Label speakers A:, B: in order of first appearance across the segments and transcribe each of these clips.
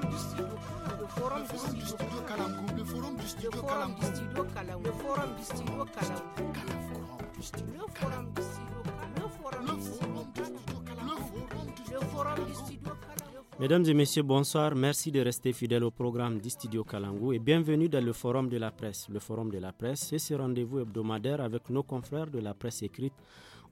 A: le forum du studio le forum du studio le forum du studio le forum du studio le forum du studio le forum du studio Mesdames et messieurs, bonsoir. Merci de rester fidèles au programme du Studio et bienvenue dans le Forum de la presse. Le Forum de la presse, c'est ce rendez-vous hebdomadaire avec nos confrères de la presse écrite,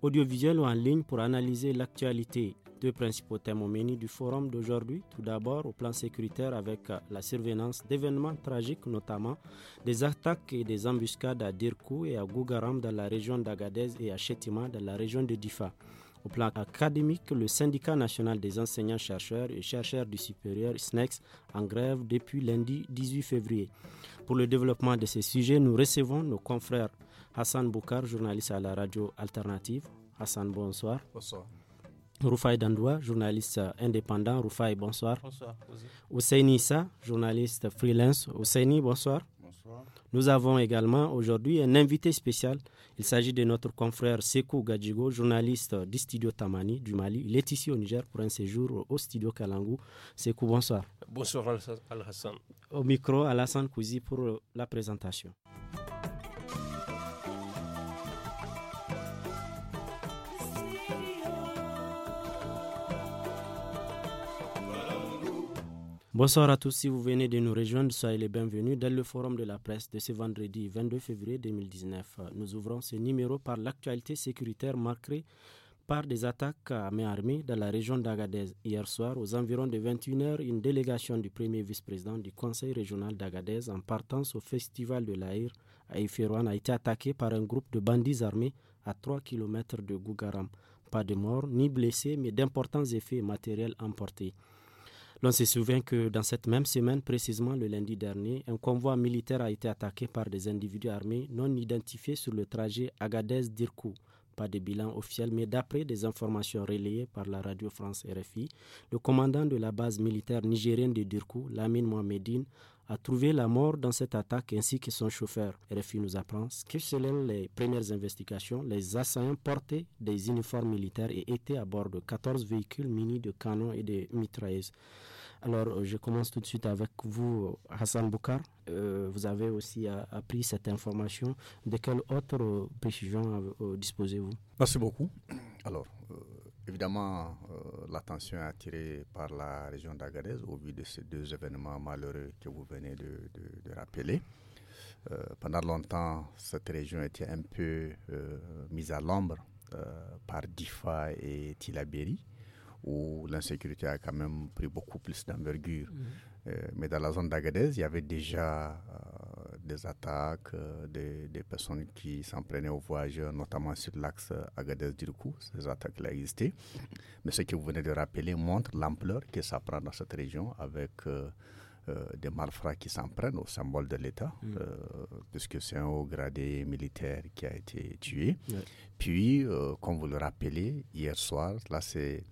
A: audiovisuelle ou en ligne pour analyser l'actualité, deux principaux thèmes au menu du forum d'aujourd'hui. Tout d'abord, au plan sécuritaire, avec la surveillance d'événements tragiques, notamment des attaques et des embuscades à Dirkou et à Gougaram dans la région d'Agadez et à Chetima dans la région de Difa. Au plan académique, le syndicat national des enseignants-chercheurs et chercheurs du supérieur SNEX en grève depuis lundi 18 février. Pour le développement de ces sujets, nous recevons nos confrères Hassan Boukar, journaliste à la radio alternative. Hassan, bonsoir. Bonsoir. Rufai Dandoua, journaliste euh, indépendant. Rufai, bonsoir. Bonsoir. Issa, journaliste euh, freelance. Ousseini, bonsoir. Bonsoir. Nous avons également aujourd'hui un invité spécial. Il s'agit de notre confrère Sekou Gadjigo, journaliste euh, du studio Tamani du Mali. Il est ici au Niger pour un séjour au studio Kalangou. Sekou, bonsoir.
B: Bonsoir Al-Hassan.
A: Au micro, Alassane Kouzi pour la présentation. Bonsoir à tous. Si vous venez de nous rejoindre, soyez les bienvenus dans le forum de la presse de ce vendredi 22 février 2019. Nous ouvrons ce numéro par l'actualité sécuritaire marquée par des attaques à main armée dans la région d'Agadez. Hier soir, aux environs de 21h, une délégation du premier vice-président du conseil régional d'Agadez en partance au festival de l'Aïr à Iferouane a été attaquée par un groupe de bandits armés à 3 km de Gougaram. Pas de morts ni blessés, mais d'importants effets matériels emportés. L'on se souvient que dans cette même semaine, précisément le lundi dernier, un convoi militaire a été attaqué par des individus armés non identifiés sur le trajet Agadez-Dirkou. Pas de bilan officiel, mais d'après des informations relayées par la radio France RFI, le commandant de la base militaire nigérienne de Dirkou, Lamine Mohamedine, a trouvé la mort dans cette attaque ainsi que son chauffeur. RFI nous apprend que selon les premières investigations, les assaillants portaient des uniformes militaires et étaient à bord de 14 véhicules munis de canons et de mitrailleuses. Alors, euh, je commence tout de suite avec vous, Hassan Boukar. Euh, vous avez aussi euh, appris cette information. De quelle autre précision disposez-vous Merci
C: beaucoup. Alors, Évidemment, euh, l'attention est attirée par la région d'Agadez au vu de ces deux événements malheureux que vous venez de, rappeler. Euh, pendant longtemps, cette région était un peu euh, mise à l'ombre par Difa et Tilaberi où l'insécurité a quand même pris beaucoup plus d'envergure. Mhm. Euh, mais dans la zone d'Agadez, il y avait déjà euh, des attaques, euh, des, personnes qui s'en prenaient aux voyageurs, notamment sur l'axe Agadez-Dirkou. Ces attaques-là existaient. Mais ce que vous venez de rappeler montre l'ampleur que ça prend dans cette région avec des malfrats qui s'en prennent au symbole de l'État, mhm. puisque c'est un haut gradé militaire qui a été tué. Puis, comme vous le rappelez, hier soir, là c'est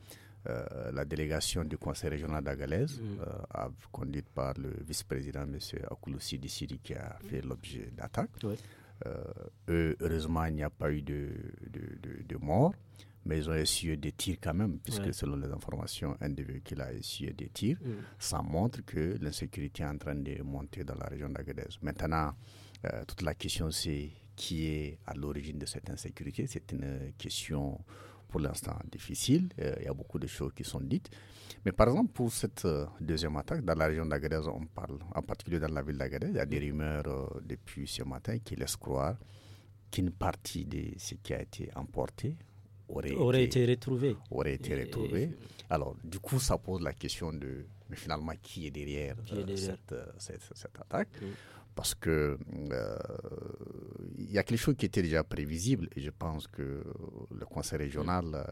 C: euh, la délégation du Conseil régional d'Agalèse, mm. euh, conduite par le vice-président M. Akouloussi Sidi, qui a fait mm. l'objet d'attaque. Euh, heureusement, il n'y a pas eu de, de, de, morts mais ils ont essuyé des tirs quand même, puisque selon les informations, un qu'il a essuyé des tirs. Mm. Ça montre que l'insécurité est en train de monter dans la région d'Agadez. Maintenant, toute la question, c'est qui est à l'origine de cette insécurité. C'est une question pour l'instant difficile. Euh, il y a beaucoup de choses qui sont dites. Mais par exemple, pour cette euh, deuxième attaque, dans la région d'Agadez, on parle, en particulier dans la ville d'Agadez, il y a des rumeurs euh, depuis ce matin qui laissent croire qu'une partie de ce qui a été emporté aurait, été, retrouvé. Aurait été Alors, du coup, ça pose la question de mais finalement qui est derrière, euh, euh, Cette, cette, cette, attaque. Parce que euh, il y a quelque chose qui était déjà prévisible et je pense que le conseil régional,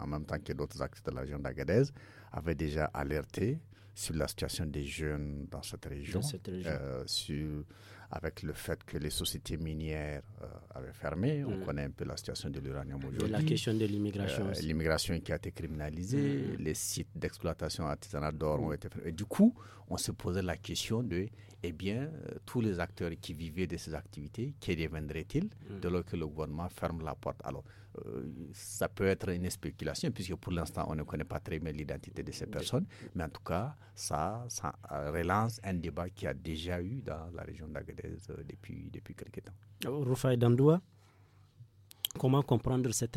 C: en, même temps que d'autres acteurs de la région d'Agadez, avait déjà alerté sur la situation des jeunes dans cette région, dans cette région. sur avec le fait que les sociétés minières euh, avaient fermé. On mm. connaît un peu la situation de l'uranium aujourd'hui. La question de l'immigration. Euh, l'immigration qui a été criminalisée, mm. les sites d'exploitation artisanale d'or ont mm. été fermés. Et du coup, on se posait la question de, eh bien, euh, tous les acteurs qui vivaient de ces activités, que deviendraient-ils de lors que le gouvernement ferme la porte Alors, euh, ça peut être une spéculation, puisque pour l'instant, on ne connaît pas très bien l'identité de ces personnes. Mais en tout cas, ça, ça euh, relance un débat qui a déjà eu dans la région d'Agadez euh, depuis, depuis quelques temps.
A: Rufai Dandoua, comment comprendre cette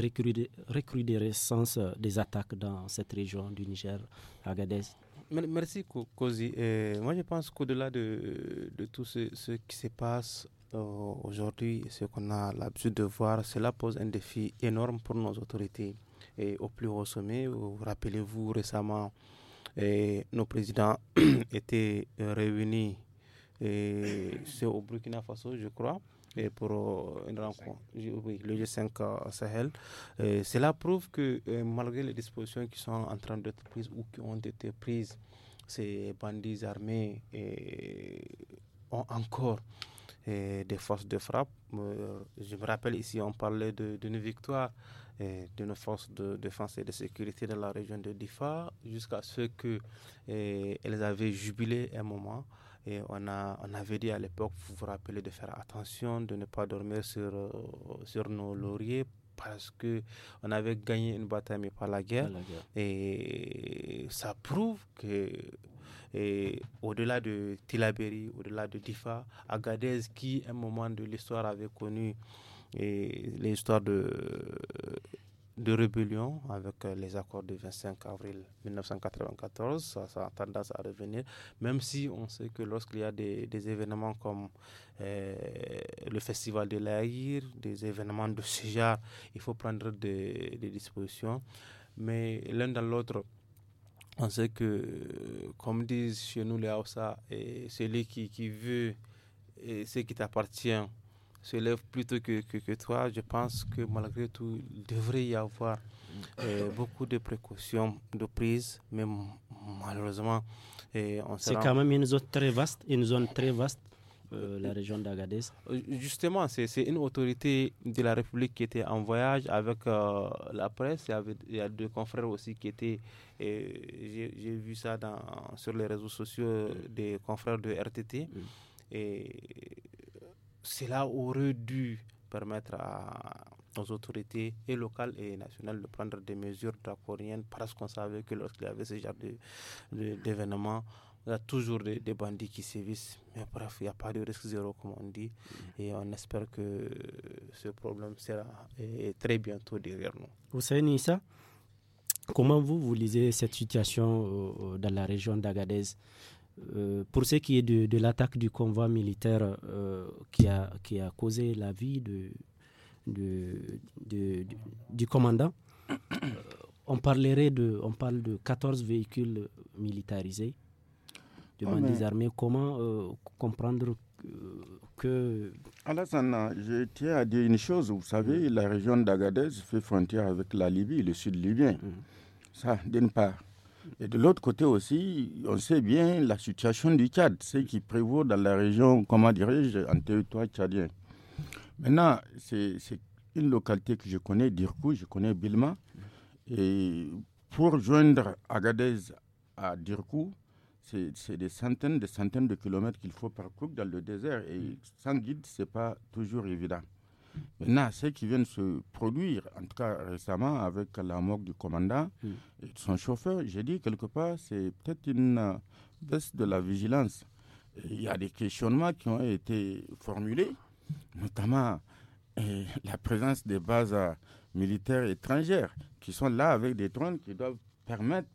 A: recrudescence des attaques dans cette région du Niger, Agadez
D: Merci, Kozi. moi, je pense qu'au-delà de, de, tout ce, ce qui se passe euh, aujourd'hui, ce qu'on a l'habitude de voir, cela pose un défi énorme pour nos autorités. Et au plus haut sommet, vous euh, rappelez-vous récemment, euh, nos présidents étaient réunis au Burkina Faso, je crois, et pour une rencontre, oui, le G5 Sahel. cela prouve que malgré les dispositions qui sont en train d'être prises ou qui ont été prises, ces bandits armés ont encore des forces de frappe. Euh, je me rappelle ici, on parlait d'une victoire d'une force de défense et de sécurité dans la région de Difa jusqu'à ce qu'elles avaient jubilé un moment. Et on, a, on avait dit à l'époque, vous vous rappelez, de faire attention, de ne pas dormir sur, euh, sur nos lauriers parce que on avait gagné une bataille mais Pas la guerre. Et ça prouve que et au-delà de Tilaberi, au-delà de Difa, Agadez qui, à un moment de l'histoire, avait connu l'histoire de, de rébellion avec euh, les accords du 25 avril 1994. Ça, a tendance à revenir, même si on sait que lorsqu'il y a des, événements comme euh, le festival de l'Aïr, des événements de ce genre, il faut prendre des, des dispositions. Mais l'un dans l'autre, on sait que, comme disent chez nous les Hausa, celui qui, veut et ce qui t'appartient se lève plutôt que, que, toi. Je pense que malgré tout, il devrait y avoir euh, beaucoup de précautions de prise, mais malheureusement, et on C'est quand
A: même une zone très vaste, une zone très vaste euh, la région d'Agadez
D: euh, Justement, c'est une autorité de la République qui était en voyage avec euh, la presse. Il y, a deux confrères aussi qui étaient. J'ai vu ça dans, sur les réseaux sociaux des confrères de RTT. Et cela aurait dû permettre à, aux autorités et locales et nationales de prendre des mesures draconiennes parce qu'on savait que lorsqu'il y avait ce genre d'événements, il y a toujours des, bandits qui sévissent. Mais bref, il n'y a pas de risque zéro, comme on dit. Mm. Et on espère que ce problème sera très bientôt derrière
A: nous. Vous savez, Nissa, comment vous, vous lisez cette situation euh, euh, dans la région d'Agadez euh, pour ce qui est de, l'attaque du convoi militaire qui, a, qui a causé la vie de du commandant, on, parlerait de, on parle de 14 véhicules militarisés demande des armées. Comment euh, comprendre que... Euh,
E: Alassana, je tiens à dire une chose. Vous savez, mm. la région d'Agadez fait frontière avec la Libye, le sud libyen. Mm. Ça, d'une part. Et de l'autre côté aussi, on sait bien la situation du Tchad, ce qui prévaut dans la région, comment dirais-je, en territoire tchadien. Maintenant, c'est une localité que je connais, Dirkou, je connais Bilma. Et pour joindre Agadez à Dirkou, c'est des centaines, des centaines de kilomètres qu'il faut parcourir dans le désert et mm. sans guide, c'est pas toujours évident. Maintenant, ce qui viennent se produire, en tout cas récemment, avec la mort du commandant mm. et de son chauffeur, j'ai dit quelque part, c'est peut-être une euh, baisse de la vigilance. Il y a des questionnements qui ont été formulés, notamment la présence des bases euh, militaires étrangères qui sont là avec des drones qui doivent permettre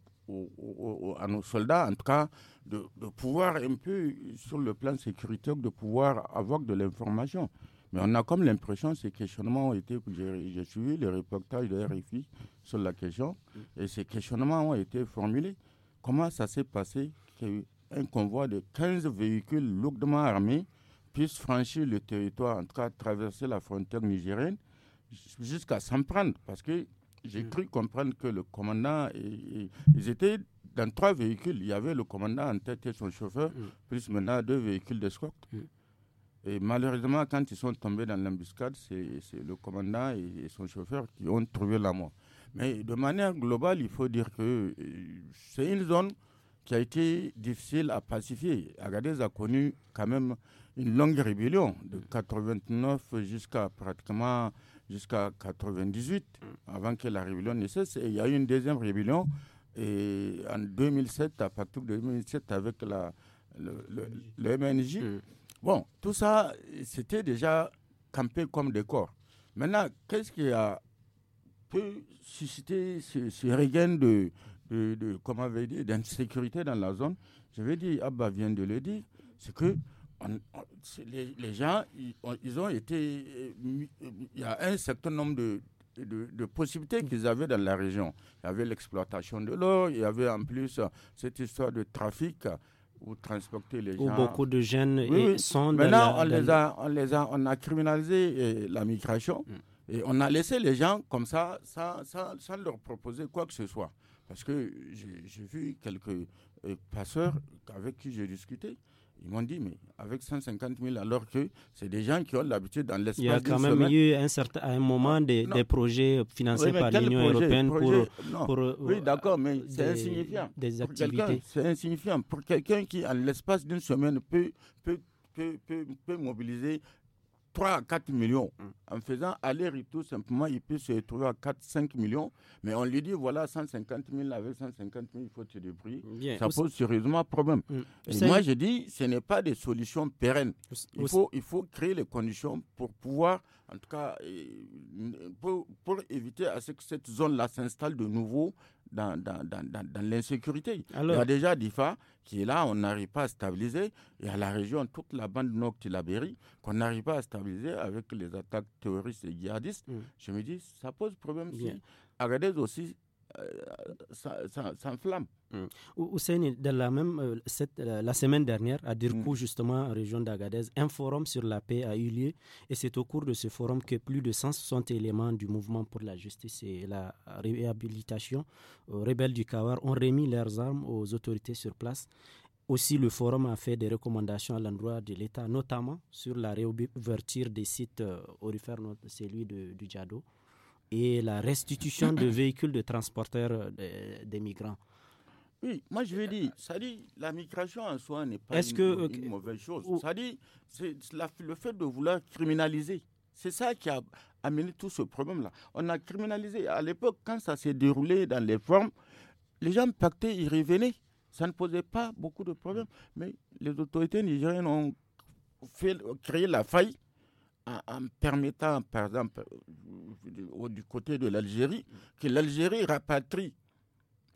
E: à nos soldats, en tout cas, de, pouvoir un peu, sur le plan sécuritaire, de pouvoir avoir de l'information. Mais on a comme l'impression, ces questionnements ont été, j'ai suivi les reportages de RFI sur la question, et ces questionnements ont été formulés. Comment ça s'est passé qu'un convoi de 15 véhicules lourdement armés puisse franchir le territoire, en tout cas traverser la frontière nigérienne, jusqu'à s'en prendre Parce que j'ai mm. cru comprendre que le commandant, ils étaient dans trois véhicules. Il y avait le commandant en tête et son chauffeur, mm. plus maintenant deux véhicules d'escorte. Mm. Et malheureusement, quand ils sont tombés dans l'embuscade, c'est le commandant et, et, son chauffeur qui ont trouvé la mort. Mais de manière globale, il faut dire que euh, c'est une zone qui a été difficile à pacifier. Agadez a connu quand même une longue rébellion de 89 jusqu'à pratiquement jusqu'à 98, avant que la rébellion ne cesse. Et il y a eu une deuxième rébellion et en 2007, à partir de 2007, avec la, le, MNJ. Mm. Bon, tout ça, c'était déjà campé comme décor. Maintenant, qu'est-ce qui a pu susciter ce, regain de, comment d'insécurité dans la zone Je vais dire, Abba vient de le dire, c'est que les, gens, ils, ont été. Euh, il y a un certain nombre de, de, possibilités qu'ils avaient dans la région. Il y avait l'exploitation de l'eau, il y avait en plus cette histoire de trafic où transporter les gens. Où beaucoup de jeunes sont Maintenant, on, les a, on a, on a criminalisé euh, la migration mm. et on a laissé les gens comme ça, ça, ça sans leur proposer quoi que ce soit. Parce que j'ai vu quelques euh, passeurs avec qui j'ai discuté ils m'ont dit, mais avec 150 000, alors que c'est des gens qui ont l'habitude dans l'espace. semaine. Il y a quand même
A: eu un certain, à un moment des, des projets financés par l'Union européenne pour,
E: pour, Oui, d'accord, mais euh, c'est insignifiant. Des pour activités. C'est insignifiant. Pour quelqu'un qui, en l'espace d'une semaine, peut Peut, peut, peut, mobiliser 3 à 4 millions. Mm. En faisant aller-retour, simplement, il peut se retrouver à 4, 5 millions. Mais on lui dit, voilà, 150 000 avec 150 000, il faut te débrouiller. Ça pose sérieusement problème. Mm. moi, je dis, ce n'est pas des solutions pérennes. Il faut, il faut créer les conditions pour pouvoir, en tout cas, euh, pour, pour éviter à ce que cette zone-là s'installe de nouveau dans, dans, dans, l'insécurité. Il y a déjà DIFA qui est là, on n'arrive pas à stabiliser. Il y a la région, toute la bande noctilabérie, qu'on n'arrive pas à stabiliser avec les attaques terroristes et djihadistes. Hmm. Je me dis, ça pose problème. Si Agadez aussi euh, ça, ça, ça,
A: Mm. la même euh, la semaine dernière, à Dirkou, mm. justement, région d'Agadez, un forum sur la paix a eu lieu et c'est au cours de ce forum que plus de 160 éléments du mouvement pour la justice et la réhabilitation euh, rebelles du Kawar ont remis leurs armes aux autorités sur place. Aussi, le forum a fait des recommandations à l'endroit de l'État, notamment sur la réouverture des sites euh, orifères, celui de, du Djado, et la restitution de véhicules de transporteurs des migrants.
E: Oui, moi je veux dire, ça dit, la migration en soi n'est pas une, mauvaise chose. Ça dit, c'est le fait de vouloir criminaliser. C'est ça qui a amené tout ce problème-là. On a criminalisé. À l'époque, quand ça s'est déroulé dans les formes, les gens pactaient, ils revenaient. Ça ne posait pas beaucoup de problèmes. Mais les autorités nigériennes ont fait, créé la faille en, permettant, par exemple, euh, du côté de l'Algérie, que l'Algérie rapatrie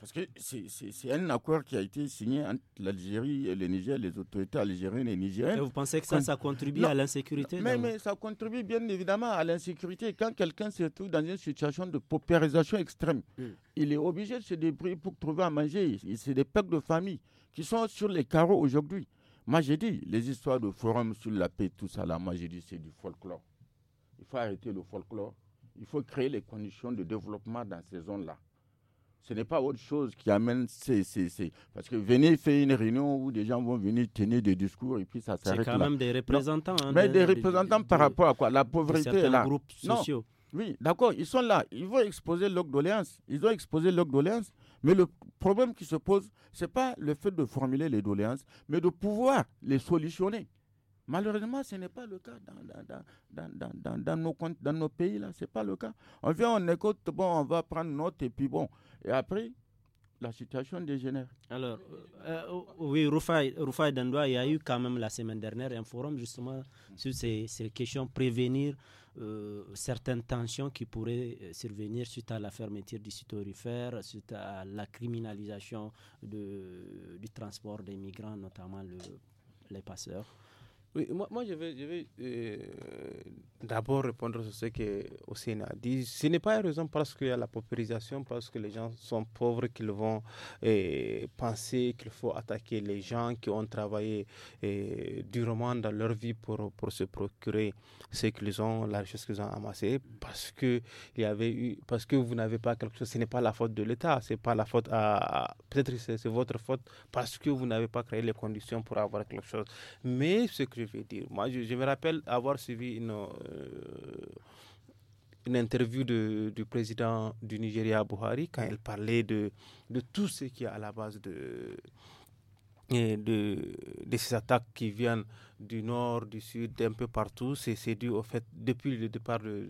E: parce que c'est un accord qui a été signé entre l'Algérie et le Niger, les autorités algériennes et nigériennes. vous pensez que ça, ça contribue à l'insécurité mais, mais, ça contribue bien évidemment à l'insécurité. Quand quelqu'un se trouve dans une situation de paupérisation extrême, hmm. il est obligé de se débrouiller pour trouver à manger. C'est des peuples de famille qui sont sur les carreaux aujourd'hui. Moi, j'ai dit, les histoires de forums sur la paix, tout ça, là, moi, j'ai dit, c'est du folklore. Il faut arrêter le folklore. Il faut créer les conditions de développement dans ces zones-là ce n'est pas autre chose qui amène ces, Parce que venir faire une réunion où des gens vont venir tenir des discours et puis ça s'arrête. C'est quand même des représentants. Hein, mais des, représentants par rapport à quoi La pauvreté est là. groupes sociaux. Non. Oui, d'accord, ils sont là. Ils vont exposer leurs doléances Ils ont exposé leurs doléances Mais le problème qui se pose, ce n'est pas le fait de formuler les doléances, mais de pouvoir les solutionner. Malheureusement, ce n'est pas le cas dans, dans, dans, dans nos, pays. là, Ce pas le cas. On vient, on écoute, bon,
A: on va prendre note et puis bon. Et après, la situation dégénère. Alors, euh, euh, oui, Rufai Dandoua, il y a eu quand même la semaine dernière un forum justement sur ces, questions, prévenir euh, certaines tensions qui pourraient survenir suite à la fermeture du site orifère, suite à la criminalisation du transport des migrants, notamment les passeurs. Oui, moi, je vais,
D: euh, d'abord répondre à ce que au a dit. Ce n'est pas une raison parce qu'il y a la paupérisation, parce que les gens sont pauvres qu'ils vont euh, penser qu'il faut attaquer les gens qui ont travaillé euh, durement dans leur vie pour, pour se procurer ce qu'ils ont, la richesse qu'ils ont amassée, parce que il y avait eu, parce que vous n'avez pas quelque chose. Ce n'est pas la faute de l'État, c'est pas la faute à, peut-être c'est votre faute parce que vous n'avez pas créé les conditions pour avoir quelque chose. Mais ce que vais dire. Moi, je, me rappelle avoir suivi une, euh, interview du président du Nigeria, Buhari, quand il parlait de, tout ce qui est à la base de, ces attaques qui viennent du nord, du sud, d'un peu partout. C'est dû au fait, depuis le départ de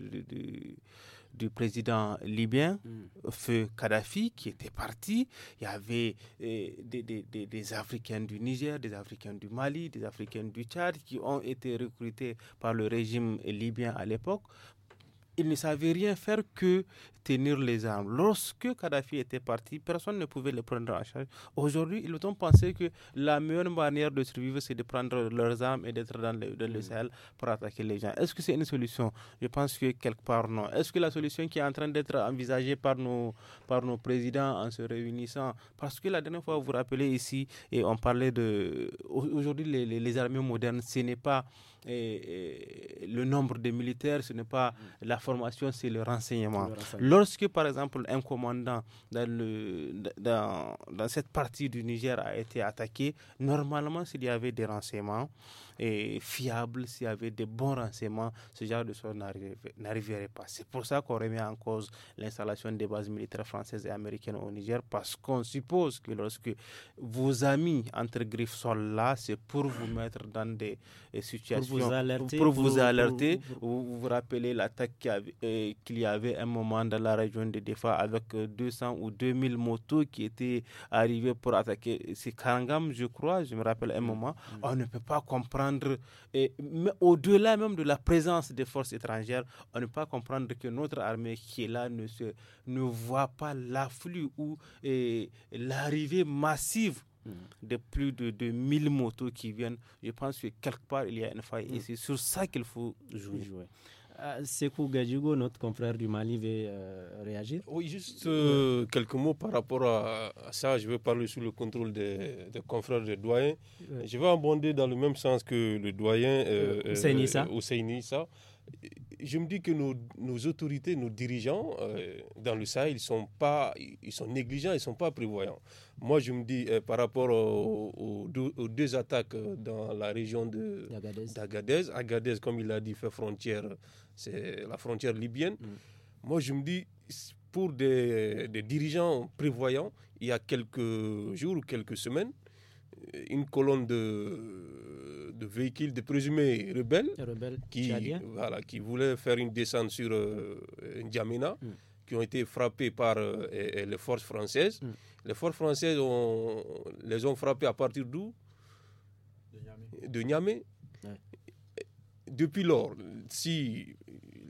D: du président libyen, mm. Feu Kadhafi, qui était parti. Il y avait euh, des, des, des, des, Africains du Niger, des Africains du Mali, des Africains du Tchad qui ont été recrutés par le régime libyen à l'époque ils ne savaient rien faire que tenir les armes. Lorsque Kadhafi était parti, personne ne pouvait les prendre en charge. Aujourd'hui, ils ont pensé que la meilleure manière de survivre, c'est de prendre leurs armes et d'être dans, le, dans mm. pour attaquer les gens. Est-ce que c'est une solution Je pense que quelque part, non. Est-ce que la solution qui est en train d'être envisagée par nos, par nos présidents en se réunissant Parce que la dernière fois, vous vous rappelez ici, et on parlait de... Aujourd'hui, les, les armées modernes, ce n'est pas et, le nombre de militaires, ce n'est pas mm. la formation, c'est le renseignement. Lorsque, par exemple, un commandant dans, le, dans, dans cette partie du Niger a été attaqué, normalement, s'il y avait des renseignements, et fiable, s'il y avait des bons renseignements, ce genre de choses n'arriverait pas. C'est pour ça qu'on remet en cause l'installation des bases militaires françaises et américaines au Niger, parce qu'on suppose que lorsque vos amis, entre griffes, sont là, c'est pour vous mettre dans des euh, situations, pour vous alerter, pour vous, alerter, vous, rappelez l'attaque euh, qu'il y avait un moment dans la région de Défa avec 200 euh, ou 2000 motos qui étaient arrivées pour attaquer. C'est Karangam, je crois, je me rappelle un mm. moment. On ne peut pas comprendre et, mais au-delà même de la présence des forces étrangères, on ne peut pas comprendre que notre armée qui est là ne, se, ne voit pas l'afflux ou l'arrivée massive mm. de plus de, 1000 motos qui viennent. Je pense que quelque part, il y a une faille. ici. Mm. c'est sur ça qu'il
A: faut jouer. Euh, Sekou Gadjigo, notre confrère du Mali, veut euh, réagir. Oui, juste euh,
B: quelques mots par rapport à, ça. Je vais parler sous le contrôle des, confrères de doyens. Je vais abonder dans le même sens que le doyen euh, Ousseini ça? je me dis que nos, autorités, nos dirigeants euh, dans le Sahel, ils sont, pas, ils sont négligents, ils ne sont pas prévoyants. Moi, je me dis, euh, par rapport aux, deux, attaques euh, dans la région d'Agadez, Agadez, comme il a dit, fait frontière, c'est la frontière libyenne. Mm. Moi, je me dis, pour des, dirigeants prévoyants, il y a quelques jours quelques semaines, une colonne de, de véhicules de présumés rebelles, qui, voilà, qui voulaient faire une descente sur euh, mm. qui ont été frappés par euh, les forces françaises. Mm. Les forces françaises ont, les ont frappés à partir d'où De Niamey. De Depuis lors, si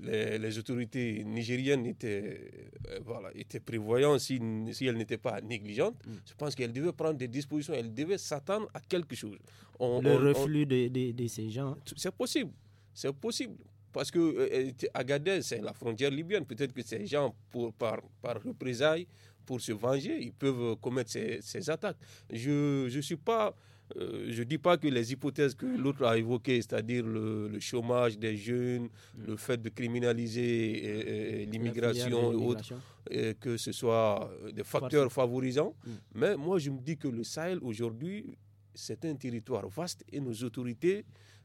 B: les, autorités nigériennes étaient, euh, voilà, étaient prévoyantes si, si elles n'étaient pas négligentes. Mm. Je pense qu'elles devaient prendre des dispositions, elles devaient s'attendre à quelque chose. le reflux
A: De, ces gens. C'est
B: possible, c'est possible. Parce que Agadez, euh, euh, c'est la frontière libyenne. Peut-être que ces gens, pour, par, par représailles, pour se venger, ils peuvent commettre ces, ces attaques. Je ne suis pas euh, je ne dis pas que les hypothèses que l'autre a évoquées, c'est-à-dire le, chômage des jeunes, mm. le fait de criminaliser euh, euh, l'immigration et autres, que ce soit des facteurs favorisants. Mm. Mais moi, je me dis que le Sahel, aujourd'hui, c'est un territoire vaste et nos autorités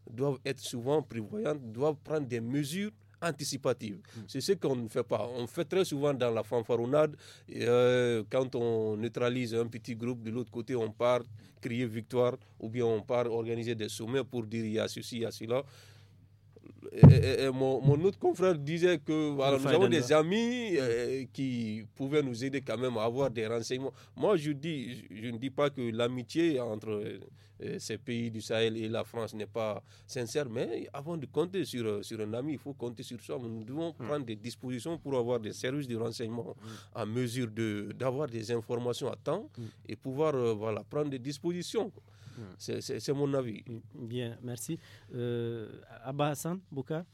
B: doivent être souvent prévoyantes, doivent prendre des mesures anticipative. Mm. C'est ce qu'on ne fait pas. On fait très souvent dans la fanfaronnade, euh, quand on neutralise un petit groupe, de l'autre côté, on part crier victoire, ou bien on part organiser des sommets pour dire il y a ceci, il y a cela et, mon, autre confrère disait que nous avons des amis euh, qui pouvaient nous aider quand même à avoir des renseignements. Moi, je, dis, je ne dis pas que l'amitié entre euh, ces pays du Sahel et la France n'est pas sincère, mais avant de compter sur, euh, sur un ami, il faut compter sur soi. Nous devons hmm. prendre des dispositions pour avoir des services de renseignement hmm. en mesure d'avoir des informations à temps hmm. et pouvoir voilà, prendre des dispositions.
A: Hmm. C'est mon avis. Bien, merci. Euh, Abba Hassan, Bouka,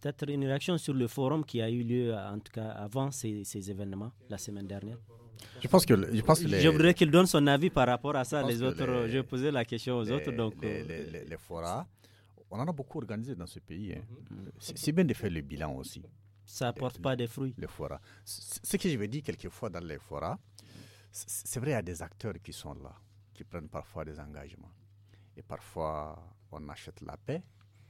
A: peut-être une réaction sur le forum qui a eu lieu, en tout cas avant ces, ces événements, la semaine dernière.
C: Je pense que, je pense que Je voudrais
A: qu'il donne son avis par rapport à ça. Je les autres, je posais la question aux autres. Donc, euh,
C: les, forats, on en a beaucoup organisé dans ce pays. Hein. C'est bien de faire le bilan aussi. Ça n'apporte pas des fruits. Les forats. Ce que je vais dire quelquefois dans les forats, c'est vrai, il y a des acteurs qui sont là qui prennent parfois des engagements. Et parfois, on achète la paix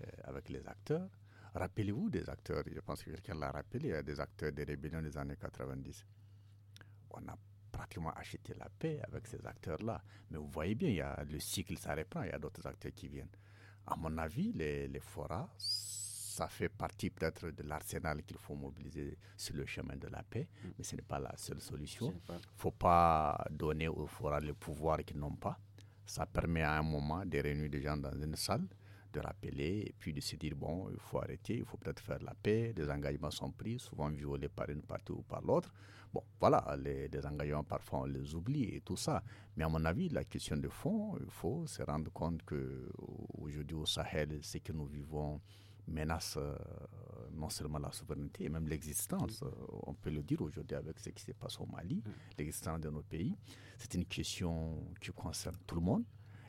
C: euh, avec les acteurs. Rappelez-vous des acteurs, je pense que quelqu'un l'a rappelé, il y a des acteurs des rébellions des années 90. On a pratiquement acheté la paix avec ces acteurs-là. Mais vous voyez bien, il y a, le cycle, ça reprend, il y a d'autres acteurs qui viennent. À mon avis, les, les foras ça fait partie peut-être de l'arsenal qu'il faut mobiliser sur le chemin de la paix, mm. mais ce n'est pas la seule solution. Il ne faut pas donner aux forats le pouvoir qu'ils n'ont pas. Ça permet à un moment de réunir des gens dans une salle, de rappeler et puis de se dire bon, il faut arrêter, il faut peut-être faire la paix. Des engagements sont pris, souvent violés par une partie ou par l'autre. Bon, voilà, les, engagements parfois on les oublie et tout ça. Mais à mon avis, la question de fond, il faut se rendre compte que aujourd'hui au Sahel, ce que nous vivons, menace euh, non seulement la souveraineté, mais même l'existence, euh, on peut le dire aujourd'hui avec ce qui se passe au Mali, l'existence de nos pays. C'est une question qui concerne tout le monde.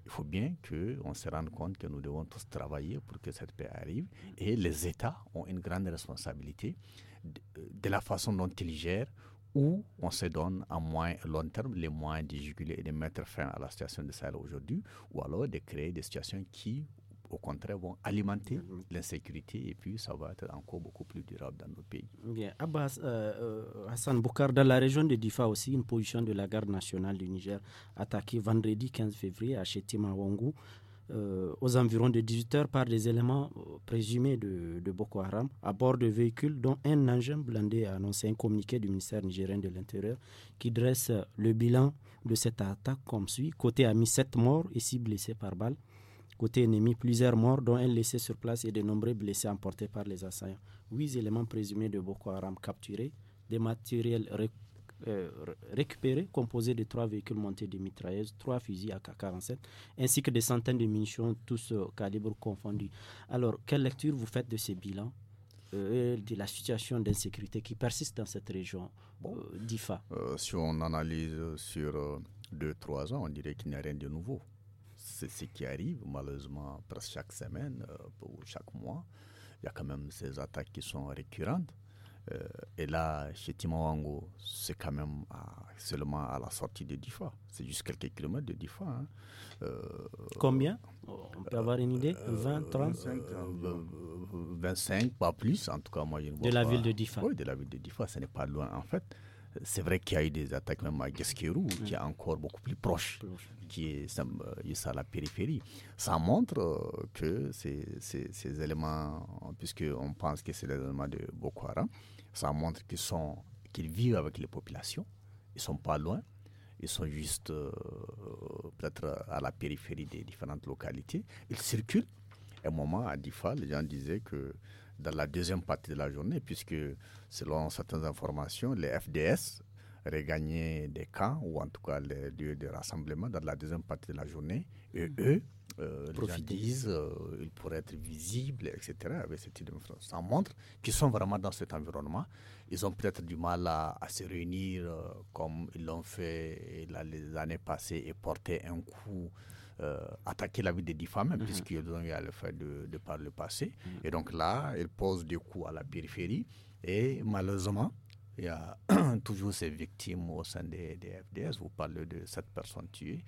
C: Il faut bien qu'on se rende compte que nous devons tous travailler pour que cette paix arrive. Et les États ont une grande responsabilité de, euh, la façon dont ils gèrent où on se donne à moins long terme les moyens de juguler et de mettre fin à la situation de Sahel aujourd'hui, ou alors de créer des situations qui au contraire, vont alimenter mhm. l'insécurité et puis ça va être encore beaucoup plus durable dans notre pays.
A: Bien. Abbas, euh, euh, Hassan Boukar, dans la région de Difa aussi, une position de la garde nationale du Niger attaquée vendredi 15 février à Chetima Wangu euh, aux environs de 18h par des éléments présumés de, Boko Haram à bord de véhicules dont un engin blindé a annoncé un communiqué du ministère nigérien de l'Intérieur qui dresse le bilan de cette attaque comme suit. Côté mis 7 morts et 6 blessés par balle. Côté ennemi, plusieurs morts, dont un laissé sur place et de nombreux blessés emportés par les assaillants. Huit éléments présumés de Boko Haram capturés, des matériels euh, récupérés composés de trois véhicules montés de mitrailleuses, trois fusils AK-47, ainsi que des centaines de munitions, tous euh, calibres confondus. Alors, quelle lecture vous faites de ces bilans euh, de la situation d'insécurité qui persiste dans cette région
C: d'IFA Si on analyse sur 2 trois ans, on dirait qu'il n'y a rien de nouveau c'est ce qui arrive malheureusement presque chaque semaine euh, ou chaque mois. Il y a quand même ces attaques qui sont récurrentes. Euh, et là, chez Timorango, c'est quand même seulement à la sortie de Difa. C'est juste quelques kilomètres de Difa. Hein. Euh, Combien On peut avoir une idée 20, 30 25, pas plus. En tout cas, moi, De la ville de Difa Oui, de la ville de Difa. Ce n'est pas loin, en fait c'est vrai qu'il y a eu des attaques même à Guesquerou, qui est encore beaucoup plus proche, qui est à euh, la périphérie. Ça montre euh, que ces, ces, ces éléments, puisqu'on pense que c'est les éléments de Boko Haram, ça montre qu'ils sont qu'ils vivent avec les populations, ils sont pas loin, ils sont juste euh, peut-être à la périphérie des différentes localités. Ils circulent. À un moment, à Difa, les gens disaient que dans la deuxième partie de la journée, puisque selon certaines informations, les FDS regagnaient des camps, ou en tout cas les lieux de rassemblement, dans la deuxième partie de la journée. Et mm. eux, euh, disent, euh, ils pourraient être visibles, etc. Avec cette Ça montre qu'ils sont vraiment dans cet environnement. Ils ont peut-être du mal à, se réunir euh, comme ils l'ont fait euh, les années passées et porter un coup euh, attaquer la vie des dix femmes, puisqu'il mhm. puisqu'ils ont eu à le faire de, de par le passé. Mhm. Et donc là, ils posent des coups à la périphérie. Et malheureusement, il y a toujours ces victimes au sein des, des FDS. Vous parlez de cette personne tuée.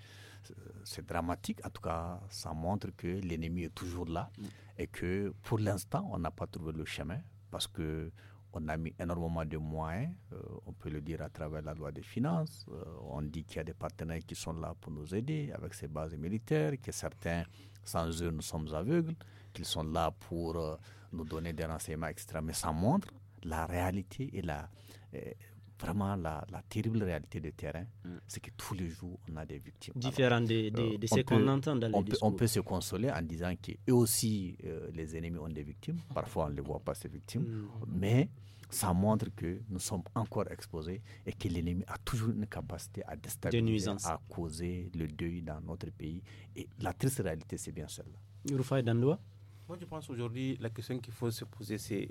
C: C'est dramatique. En tout cas, ça montre que l'ennemi est toujours là mhm. et que pour l'instant, on n'a pas trouvé le chemin parce que on a mis énormément de moyens, euh, on peut le dire à travers la loi des finances. Euh, on dit qu'il y a des partenaires qui sont là pour nous aider avec ces bases militaires, que certains, sans eux, nous sommes aveugles, qu'ils sont là pour euh, nous donner des renseignements extra. Mais ça montre la réalité et la, vraiment la, terrible réalité de terrain, mm. c'est que tous les jours, on a des victimes. Différent de, euh, ce qu'on entend dans les on on peut se consoler en disant qu'eux aussi, euh, les ennemis ont des victimes. Parfois, on ne les voit pas, ces victimes. Mm. Mais ça montre que nous sommes encore exposés et que l'ennemi a toujours une capacité à déstabiliser, à causer le deuil dans notre pays. Et la triste réalité, c'est bien
A: celle-là. Moi,
D: je pense aujourd'hui, la question qu'il faut se poser, c'est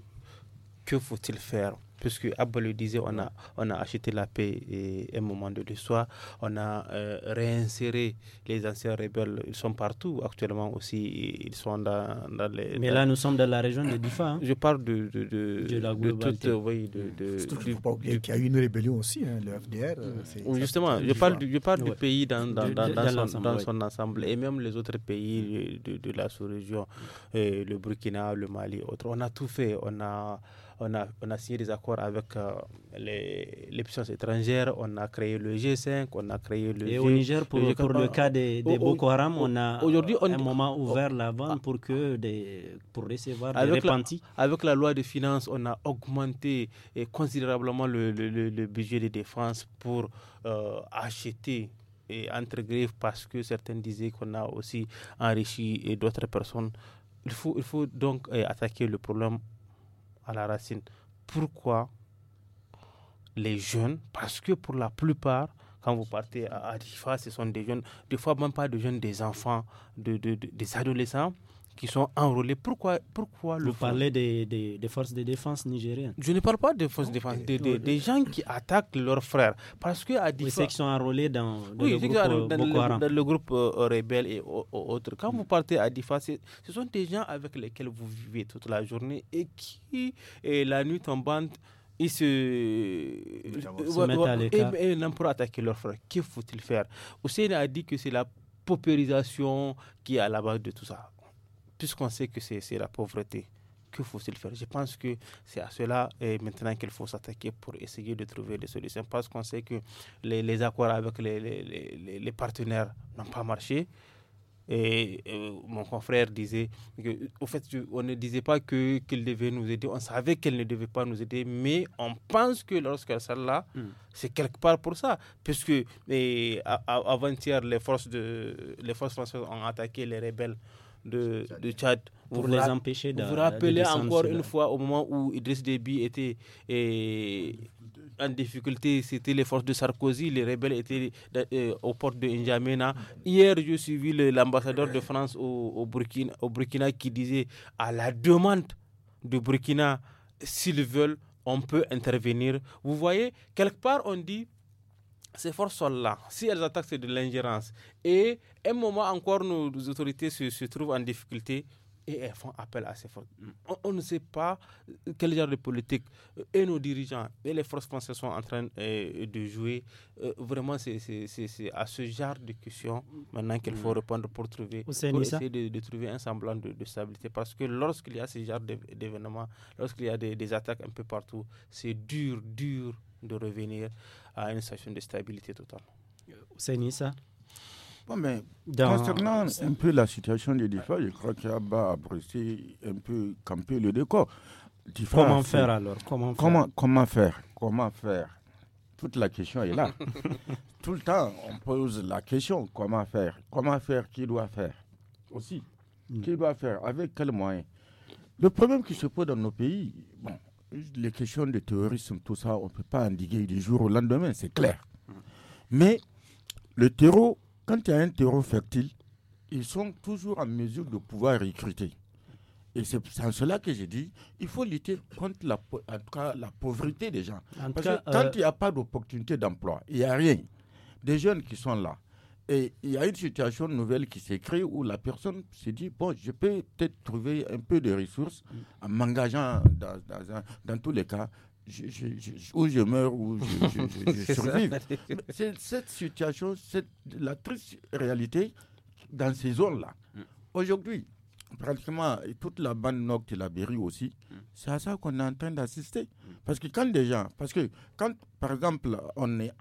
D: que faut-il faire Puisque Abba le disait, on a, on a acheté la paix et, un moment de l'histoire, on a euh, réinséré les anciens rebelles. Ils sont partout actuellement aussi, ils sont dans, les. Mais là, nous sommes dans la région de Difa. Hein. Je parle de, de, la toute. y
C: a eu une rébellion aussi, hein, le FDR. Euh, mmh. Justement, je parle, du, pays dans, dans, son, son,
D: ensemble et même les autres pays mmh. de, la sous-région, euh, le Burkina, le Mali, autres. On a tout fait. On a on a, on a signé des accords avec euh, les, puissances étrangères, on a créé le G5, on a créé le. Et au Niger, pour le, cas des, des Boko Haram, on a
A: un moment ouvert la vente ah. pour, que des, pour recevoir des avec
D: avec la loi de finances, on a augmenté eh, considérablement le, budget de défense pour euh, acheter et entre parce que certains disaient qu'on a aussi enrichi eh, d'autres personnes. Il faut, il faut donc eh, attaquer le problème à la racine. Pourquoi les jeunes Parce que pour la plupart, quand vous partez à Adifa, ce sont des jeunes, des fois même pas des jeunes, des enfants, des adolescents qui sont enrôlés. Pourquoi, pourquoi Vous le Vous parlez des, des, forces de défense nigériennes Je ne parle pas des forces de défense, des, des, gens qui attaquent leurs frères. Parce que à oui, ceux qui sont enrôlés dans, le, groupe, euh, dans, dans le, groupe euh, euh, rebelle et autres. Quand vous partez à Difa, ce sont des gens avec lesquels vous vivez toute la journée et qui, et la nuit tombante, ils se, mettent à Et, et pour attaquer leurs frères. qu'il faut-il faire Hussein a dit que c'est la paupérisation qui est à la base de tout ça puisqu'on sait que c'est la pauvreté, que faut-il faire Je pense que c'est à cela et maintenant qu'il faut s'attaquer pour essayer de trouver des solutions, parce qu'on sait que les, accords avec les, partenaires n'ont pas marché. Et, mon confrère disait que, au fait, on ne disait pas que qu'il devait nous aider, on savait qu'elle ne devait pas nous aider, mais on pense que lorsqu'elle sera là, hmm. c'est quelque part pour ça, puisque avant-hier, les les forces françaises ont attaqué les rebelles de, Tchad. Pour les empêcher de. Vous vous rappelez encore une fois au moment où Idriss Déby était en difficulté, c'était les forces de Sarkozy, les rebelles étaient euh, aux portes de N'Djamena. Hier, j'ai suivi l'ambassadeur de France au, Burkina, qui disait à la demande du de Burkina, s'ils veulent, on peut intervenir. Vous voyez, quelque part, on dit ces forces-là, sont si elles attaquent, c'est de l'ingérence. Et un moment encore, nos autorités se, trouvent en difficulté et elles font appel à ces forces. On, ne sait pas quel genre de politique euh, et nos dirigeants et les forces françaises sont en train euh, de jouer. Euh, vraiment, c'est à ce genre de questions maintenant qu'il faut mm. répondre pour, trouver, pour de, trouver un semblant de, stabilité. Parce que lorsqu'il y a ce genre d'événements, lorsqu'il y a des attaques un peu partout, c'est dur, dur de revenir à une situation de stabilité totale.
A: C'est Nissa bon, mais Concernant un
E: peu la situation de Difa, je crois y a un peu camper le décor. comment faire alors comment faire comment, faire Comment faire Toute la question est là. Tout le temps, on pose la question comment faire Comment faire Qui doit faire Aussi. Qui doit faire Avec quels moyens Le problème qui se pose dans nos pays, les questions de terrorisme, tout ça, on ne peut pas endiguer du jour au lendemain, c'est clair. Mais le terreau, quand il y a un terreau fertile, ils sont toujours en mesure de pouvoir recruter. Et c'est en cela que j'ai dit, il faut lutter contre la, pauvreté des gens. Parce que euh, quand il n'y a pas d'opportunité d'emploi, il n'y a rien. Des jeunes qui sont là, et il y a une situation nouvelle qui s'est créée où la personne se dit bon, je peux peut-être trouver un peu de ressources en m'engageant dans, tous les cas. Je, je, où je meurs, ou je, je survive. C'est cette situation, cette, la triste réalité dans ces zones-là. Mm. Aujourd'hui, pratiquement toute la bande nord de la aussi, hmm. c'est à ça qu'on est en train d'assister. Hmm. Parce que quand des gens, parce que quand, par exemple, on est,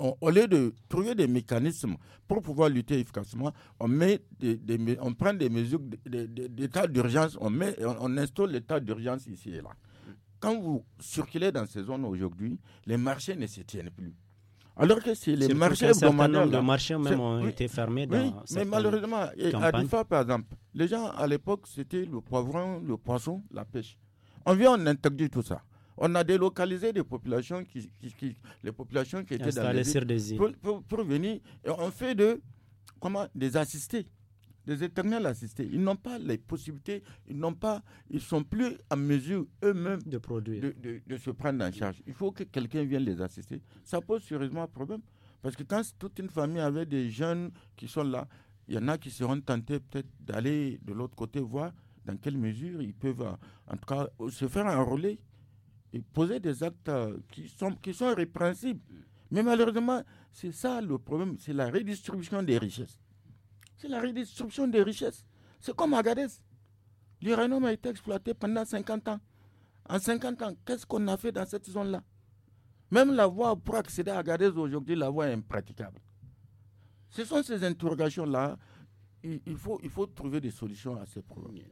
E: au lieu de trouver des mécanismes pour pouvoir lutter efficacement, on, met des, on prend des mesures d'état d'urgence, on, met, on, installe l'état d'urgence ici et là. Hmm. Quand vous circulez dans ces zones aujourd'hui, les marchés ne se tiennent plus. Alors que si les marchés hebdomadaires. de marchés même ont été fermés dans Mais malheureusement, à Dufa, par exemple, les gens à l'époque, c'était le poivron, le poisson, la pêche. On vient, on interdit tout ça. On a délocalisé des populations qui, les populations qui étaient dans les îles, pour, pour, venir et on fait de comment des assistés des éternels assistés. Ils n'ont pas les possibilités, ils n'ont pas, ils sont plus en mesure eux-mêmes de produire, de, se prendre en charge. Il faut que quelqu'un vienne les assister. Ça pose sérieusement un problème parce que quand toute une famille avait des jeunes qui sont là, il y en a qui seront tentés peut-être d'aller de l'autre côté voir dans quelle mesure ils peuvent en tout cas se faire enrôler et poser des actes euh, qui sont qui sont répréhensibles. Mais malheureusement, c'est ça le problème, c'est la redistribution des richesses. C'est la redistribution des richesses. C'est comme Agadez. L'uranium a été exploité pendant 50 ans. En 50 ans, qu'est-ce qu'on a fait dans cette zone-là Même la voie pour accéder à Agadez aujourd'hui, la voie est impraticable. Ce sont ces interrogations-là. Il, faut, trouver des solutions à ces problèmes.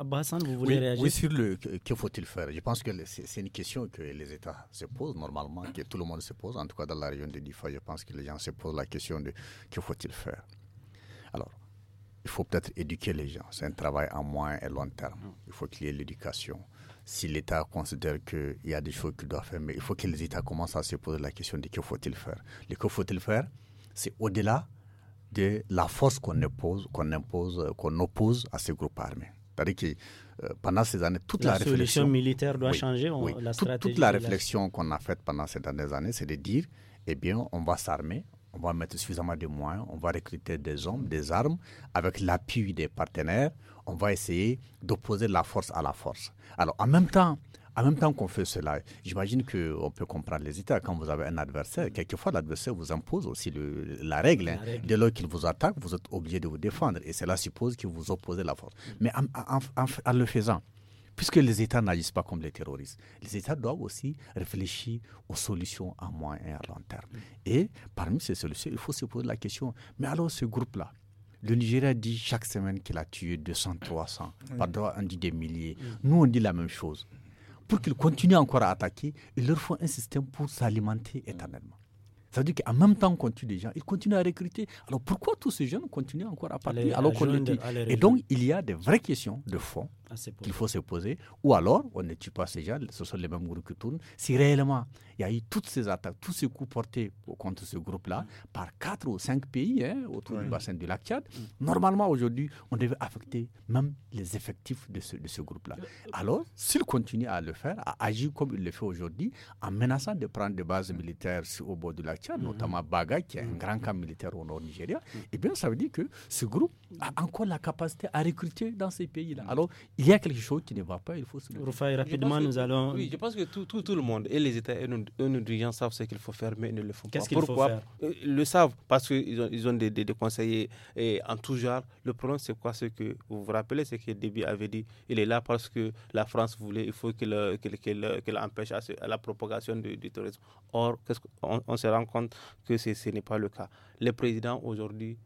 E: Euh, Bassan, vous voulez réagir Oui, sur
C: le que faut-il faire Je pense que c'est une question que les États se posent normalement, que tout le monde se pose, en tout cas dans la région de Difa. Je pense que les gens se posent la question de que faut-il faire alors, il faut peut-être éduquer les gens. C'est un travail à moyen et long terme. Mm. Il faut qu'il y ait l'éducation. Si l'État considère qu'il y a des choses qu'il doit faire, mais il faut que les États commencent à se poser la question de que faut-il faire. Le que faut-il faire, c'est au-delà de la force qu'on impose, qu'on impose, qu'on oppose à ces groupes armés. C'est-à-dire que euh, pendant ces années, toute la, la solution réflexion militaire doit changer. la toute, toute la réflexion qu'on a faite pendant ces dernières années, c'est de dire, eh bien, on va s'armer, on va mettre suffisamment de moyens, on va recruter des hommes, des armes, avec l'appui des partenaires, on va essayer d'opposer la force à la force. Alors, en même temps, en même temps qu'on fait cela, j'imagine qu'on peut comprendre les États. Quand vous avez un adversaire, quelquefois l'adversaire vous impose aussi la, règle. Dès lors qu'il vous attaque, vous êtes obligé de vous défendre. Et cela suppose que vous opposez la force. Mais en le faisant, puisque les États n'agissent pas comme les terroristes. Les États doivent aussi réfléchir aux solutions à moyen et à long terme. Mm. Et parmi ces solutions, il faut se poser la question, mais alors ce groupe-là, le Nigeria dit chaque semaine qu'il a tué 200, 300. Oui. Pardon, on dit des milliers. Mm. Nous, on dit la même chose. Pour qu'ils continuent encore à attaquer, il leur faut un système pour s'alimenter mm. éternellement. Ça veut dire qu'en même temps qu'on tue des gens, ils continuent à recruter. Alors pourquoi tous ces jeunes continuent encore à partir alors qu'on Et donc, il y a des vraies questions de fond ah, qu'il faut se poser. Ou alors, on ne tue pas ces gens, ce sont les mêmes groupes qui tournent. Si réellement, il y a eu toutes ces attaques, tous ces coups portés contre ce groupe-là, mm. par quatre ou cinq pays hein, autour du bassin du lac Tchad, mm. normalement, aujourd'hui, on devait affecter même les effectifs de ce, de ce groupe-là. Euh, euh, alors, s'il continue à le faire, à agir comme il le fait aujourd'hui, en menaçant de prendre des bases mm. militaires au bord du lac Tchad, notamment Baga, qui est un grand camp militaire au nord Nigeria, eh bien, ça veut dire que ce groupe a encore la capacité à recruter dans ces pays-là. Alors, il y a quelque chose qui ne va pas, il faut se rapidement, nous allons. Oui,
D: je pense que tout, le monde et les États et nos, dirigeants savent ce qu'il faut faire, mais ne le font pas. Qu'est-ce Ils euh, le savent parce qu'ils ont, ils ont des, conseillers et en tout genre. Le problème, c'est quoi Ce que vous vous rappelez ce que Déby avait dit il est là parce que la France voulait, il faut qu'elle euh, euh, empêche à, la propagation du, du terrorisme. Or, on, on, se rend compte que ce n'est pas le cas. Les présidents aujourd'hui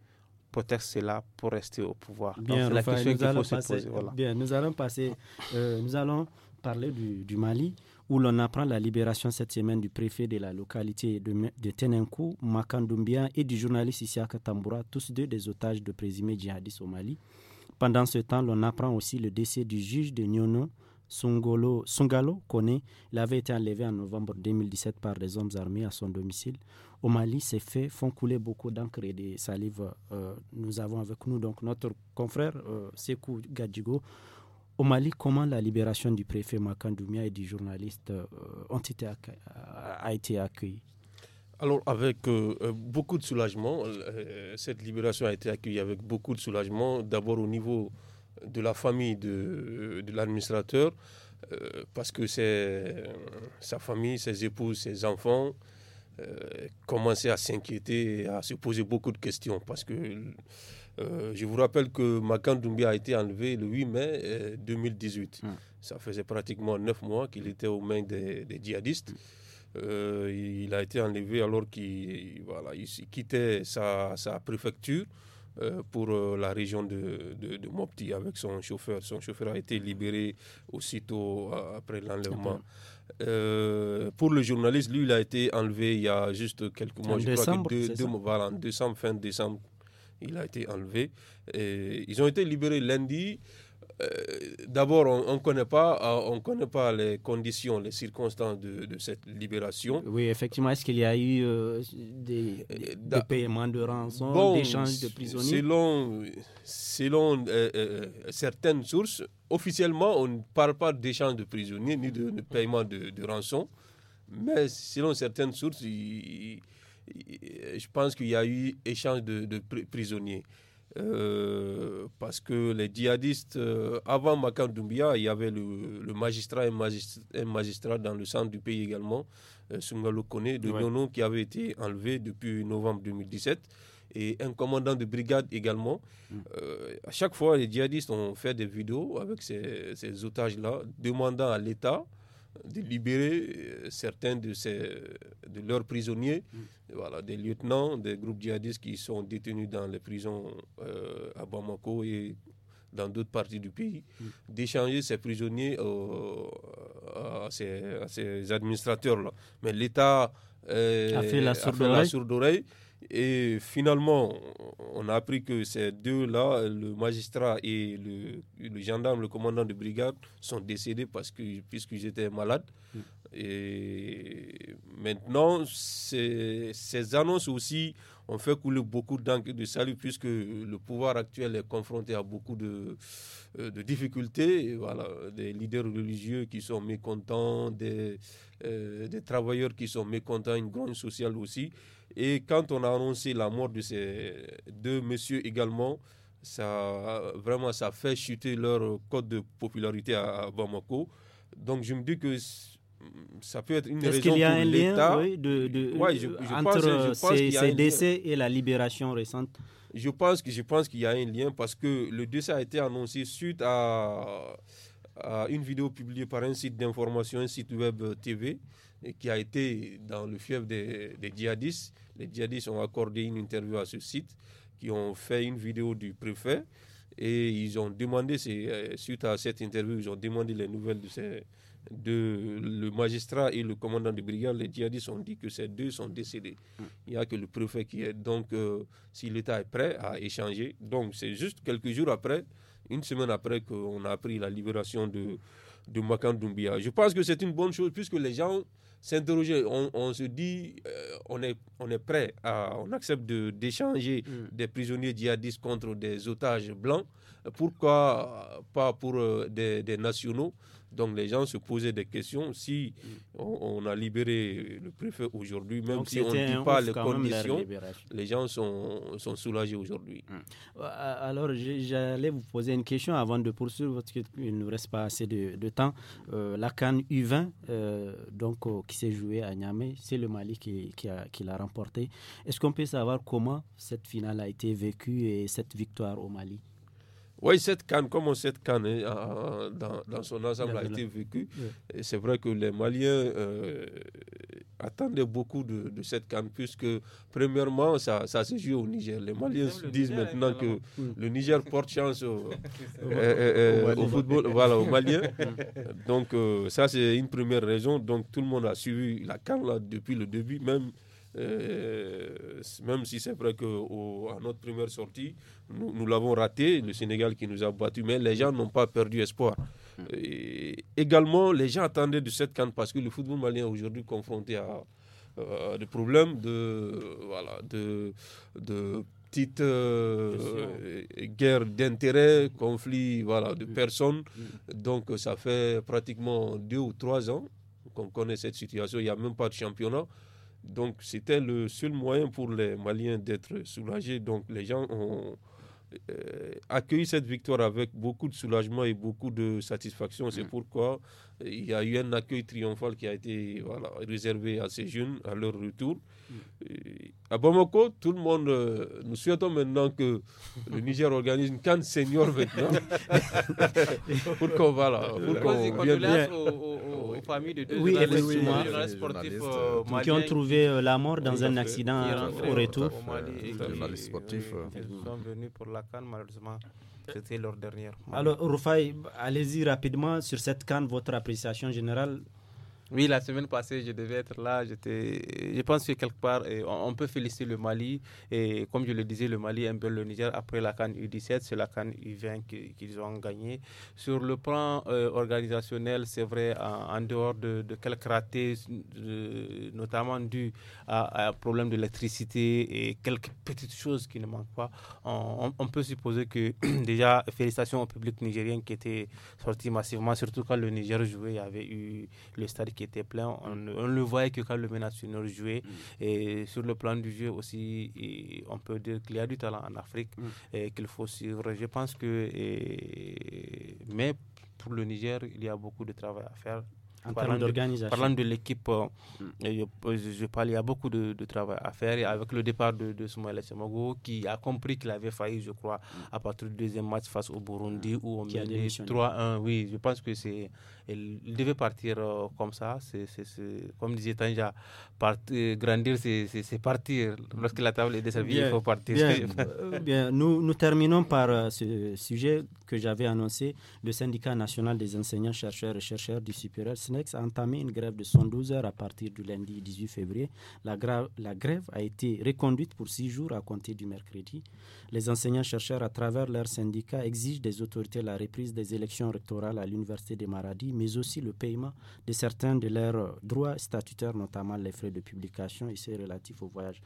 D: c'est cela pour rester au pouvoir. Bien, la question se poser.
A: Bien, nous allons passer, euh, nous allons parler du, Mali, où l'on apprend la libération cette semaine du préfet de la localité de, de Tenenkou, et du journaliste Issiaka Tamboura, tous deux des otages de présumés djihadistes au Mali. Pendant ce temps, l'on apprend aussi le décès du juge de Nyono, Sungalo Kone. Il avait été enlevé en novembre 2017 par des hommes armés à son domicile au Mali, ces faits font couler beaucoup d'encre et de salive. Euh, nous avons avec nous donc notre confrère euh, Sekou Gadjigo. Au Mali, comment la libération du préfet Makandoumia et du journaliste ont euh, a été accueillie
B: alors, avec beaucoup de soulagement, cette libération a été accueillie avec beaucoup de soulagement, d'abord au niveau de la famille de, l'administrateur, parce que c'est sa famille, ses épouses, ses enfants, euh, commencer à s'inquiéter et à se poser beaucoup de questions parce que euh, je vous rappelle que Makan a été enlevé le 8 mai 2018. Euh, hmm. Ça faisait pratiquement neuf mois qu'il était aux mains des, djihadistes. Hmm. il a été enlevé alors qu'il voilà, quittait sa, préfecture pour la région de, Mopti avec son chauffeur. Son chauffeur a été libéré aussitôt après l'enlèvement. Euh, pour le journaliste, lui, il a été enlevé il y a juste quelques mois, je crois fin décembre, il a été enlevé. Et ils ont été libérés lundi. Euh, d'abord, on ne euh, on connaît, pas les conditions, les circonstances de, cette libération.
A: Oui, effectivement. Est-ce qu'il y a eu euh, des, paiements de rançon, des échanges de
B: prisonniers Selon, certaines sources, officiellement, on ne parle pas d'échange de prisonniers ni de, paiement de, de, rançon. Mais selon certaines sources, je pense qu'il y a eu échange de prisonniers. Euh, parce que les djihadistes, euh, avant Makan il y avait le, magistrat et magistrat, un magistrat dans le centre du pays également, euh, Sungalo Kone, de Nono, qui avait été enlevé depuis novembre 2017, et un commandant de brigade également. Mm. à chaque fois, les djihadistes ont fait des vidéos avec ces, ces otages-là, demandant à l'État de libérer euh, certains de, ces, de leurs prisonniers, mm. voilà, des lieutenants des groupes djihadistes qui sont détenus dans les prisons euh, à Bamako et dans d'autres parties du pays, mm. d'échanger ces prisonniers à, ces, administrateurs-là. Mais l'État euh, a fait la sourde oreille et finalement, on a appris que ces deux-là, le magistrat et le, gendarme, le commandant de brigade, sont décédés parce que, puisqu'ils étaient malades. Mm. Et maintenant, ces, annonces aussi ont fait couler beaucoup d'encre de salut puisque le pouvoir actuel est confronté à beaucoup de, euh, difficultés. voilà, des leaders religieux qui sont mécontents, des, euh, des travailleurs qui sont mécontents, une grande sociale aussi. Et quand on a annoncé la mort de ces deux messieurs également, ça vraiment ça fait chuter leur code de popularité à Bamako. Donc je me dis que ça peut être une raison qu'il y a un lien entre ces, décès
A: et la libération récente Je pense que je pense qu'il y a
B: un lien parce que le décès a été annoncé suite à, une vidéo publiée par un site d'information, un site web TV, et qui a été dans le fief des, des djihadistes. Les djihadistes ont accordé une interview à ce site, qui ont fait une vidéo du préfet et ils ont demandé, euh, suite à cette interview, ils ont demandé les nouvelles de ces de le magistrat et le commandant de brigade, les djihadistes ont dit que ces deux sont décédés. Mm. Il n'y a que le préfet qui est. Donc, euh, si l'État est prêt à échanger, donc c'est juste quelques jours après, une semaine après qu'on a appris la libération de, de Makan Doumbia. Je pense que c'est une bonne chose puisque les gens s'interrogeaient. On, se dit, euh, on, est, on est prêt, à, on accepte d'échanger de, mm. des prisonniers djihadistes contre des otages blancs. Pourquoi pas pour euh, des nationaux donc les gens se posaient des questions. Si mm. on, a libéré le préfet aujourd'hui, même si on ne dit pas les conditions, les gens sont, sont soulagés aujourd'hui. Mm.
A: Bah, alors j'allais vous poser une question avant de poursuivre parce qu'il ne reste pas assez de, temps. Euh, la Cannes U20, euh, donc, euh, qui s'est jouée à Niamey, c'est le Mali qui, qui l'a remporté. Est-ce qu'on peut savoir comment cette finale a été vécue et cette victoire au Mali
B: oui, cette canne, comment cette canne hein, dans, son ensemble a été vécue, et c'est vrai que les Maliens euh, attendaient beaucoup de, cette canne, puisque premièrement, ça, ça se joue au Niger. Les Maliens disent maintenant que le Niger porte chance au, euh, euh, euh, football, voilà, aux Maliens. Mm. Donc ça, c'est une première raison. Donc tout le monde a suivi la canne depuis le début, même euh, même si c'est vrai qu'à notre première sortie, nous, l'avons raté, le Sénégal qui nous a battu mais les gens n'ont pas perdu espoir. également, les gens attendaient de cette canne parce que le football malien aujourd'hui confronté à, euh, des problèmes de, voilà, de, de petites euh, d'intérêts, conflits voilà, de mm. personnes. Mm. Donc ça fait pratiquement deux ou trois ans qu'on connaît cette situation. Il n'y a même pas de championnat. Donc c'était le seul moyen pour les Maliens d'être soulagés. Donc les gens ont euh, accueilli cette victoire avec beaucoup de soulagement et beaucoup de satisfaction. C'est mm. pourquoi il y a eu un accueil triomphal qui a été voilà, réservé à ces jeunes à leur retour. À Bamako, tout le monde, euh, nous souhaitons maintenant que le Niger organise une canne senior maintenant pour qu'on là, pour qu'on vienne bien.
C: Aux, familles de deux oui, effectivement, sportifs euh, euh, qui ont trouvé
A: la mort dans un accident au retour.
C: les Mali, ils sont venus pour la canne
D: malheureusement. C'était leur dernière. Alors,
A: Rufai, allez-y rapidement sur cette canne, votre appréciation générale oui, la semaine passée, je devais être là. J'étais, je pense que quelque
D: part, on peut féliciter le Mali. Et comme je le disais, le Mali aime bien le Niger après la Cannes U17, c'est la Cannes U20 qu'ils ont gagné. Sur le plan euh, organisationnel, c'est vrai, en, dehors de, quelques ratés, notamment dû à, un problème d'électricité et quelques petites choses qui ne manquent pas, on, on peut supposer que déjà, félicitations au public nigérien qui était sorti massivement, surtout quand le Niger jouait, il y avait eu le stade était plein. Mm. On, le voyait que quand le Ménationneur jouait. Mm. Et sur le plan du jeu aussi, on peut dire qu'il y a du talent en Afrique mm. et qu'il faut suivre. Je pense que. mais pour le Niger, il y a beaucoup de travail à faire en parlant de l'équipe, euh, hmm. je, parle, il y a beaucoup de, travail à faire. Et avec le départ de, de Soumaïla qui a compris qu'il avait failli, je crois, hmm. à partir du deuxième match face au Burundi, ah, où on eu 3-1. Oui, je pense que c'est. Il devait partir euh, comme ça. C'est, comme disait Tanja, euh, grandir, c'est, partir. Lorsque la table est desservie, il faut partir.
A: Bien, Nous, nous terminons par ce sujet que j'avais annoncé le syndicat national des enseignants, chercheurs et chercheurs du supérieur a entamé une grève de 112 heures à partir du lundi 18 février. La, grève a été reconduite pour six jours à compter du mercredi. Les enseignants-chercheurs, à travers leurs syndicats, exigent des autorités la reprise des élections rectorales à l'Université des Maradi, mais aussi le paiement de certains de leurs euh, droits statutaires, notamment les frais de publication et ceux relatifs au voyage.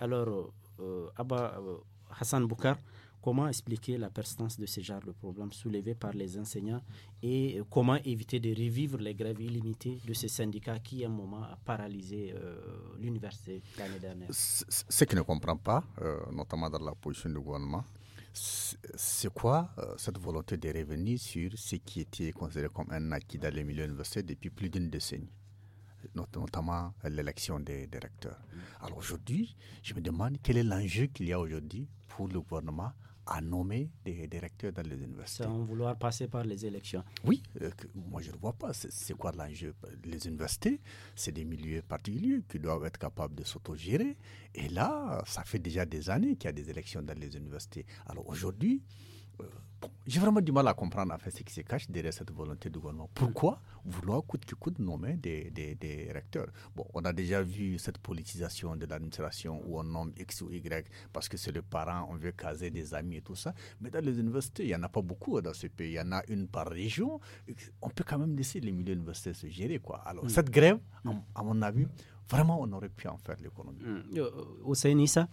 A: Alors, euh, euh, Hassan Boukar, Comment expliquer la persistance de ce genre de problème soulevé par les enseignants et euh, comment éviter de revivre les grèves illimitées de ces syndicats qui, à un moment, a paralysé euh, l'université l'année dernière Ce
C: qui ne comprend pas, euh, notamment dans la position du gouvernement, c'est quoi cette volonté de revenir sur ce qui était considéré comme un acquis dans les milieux universitaires depuis plus d'une décennie notamment l'élection des, directeurs. Mm. Alors aujourd'hui, je me demande quel est l'enjeu qu'il y a aujourd'hui pour le gouvernement à nommer des, directeurs dans les universités. Sans vouloir passer par les élections. Oui, euh, moi je ne vois pas. C'est quoi l'enjeu Les universités, c'est des milieux particuliers qui doivent être capables de s'autogérer. Et là, ça fait déjà des années qu'il y a des élections dans les universités. Alors aujourd'hui, j'ai vraiment du mal à comprendre en fait, ce qui se cache derrière cette volonté du gouvernement. Pourquoi vouloir coûte que coûte nommer des, des, recteurs Bon, on a déjà vu cette politisation de l'administration où on nomme X ou Y parce que c'est le parent, on veut caser des amis et tout ça. Mais dans les universités, il n'y en a pas beaucoup hein, dans ce pays. Il y en a une par région. On peut quand même laisser les milieux universitaires se gérer. Quoi. Alors, mm. cette grève, à mon avis, vraiment, on aurait pu en faire l'économie. Mm. Au
A: euh, ça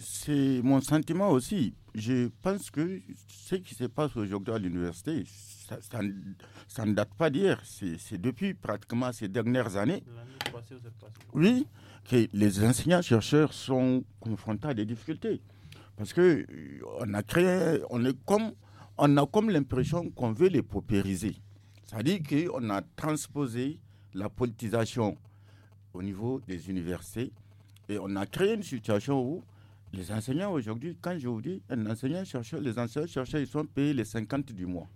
A: c'est mon
E: sentiment aussi. Je pense que ce qui se passe aujourd'hui à l'université, ça, ne date pas d'hier. C'est depuis pratiquement ces dernières années. Oui, que les enseignants-chercheurs sont confrontés à des difficultés. Parce que euh, on a créé, on est comme, on a comme l'impression qu'on veut les paupériser. C'est-à-dire qu'on a transposé la politisation au niveau des universités et on a créé une situation où les enseignants aujourd'hui, quand je vous dis, un enseignant chercheur, les enseignants chercheurs, ils sont payés les 50 du mois.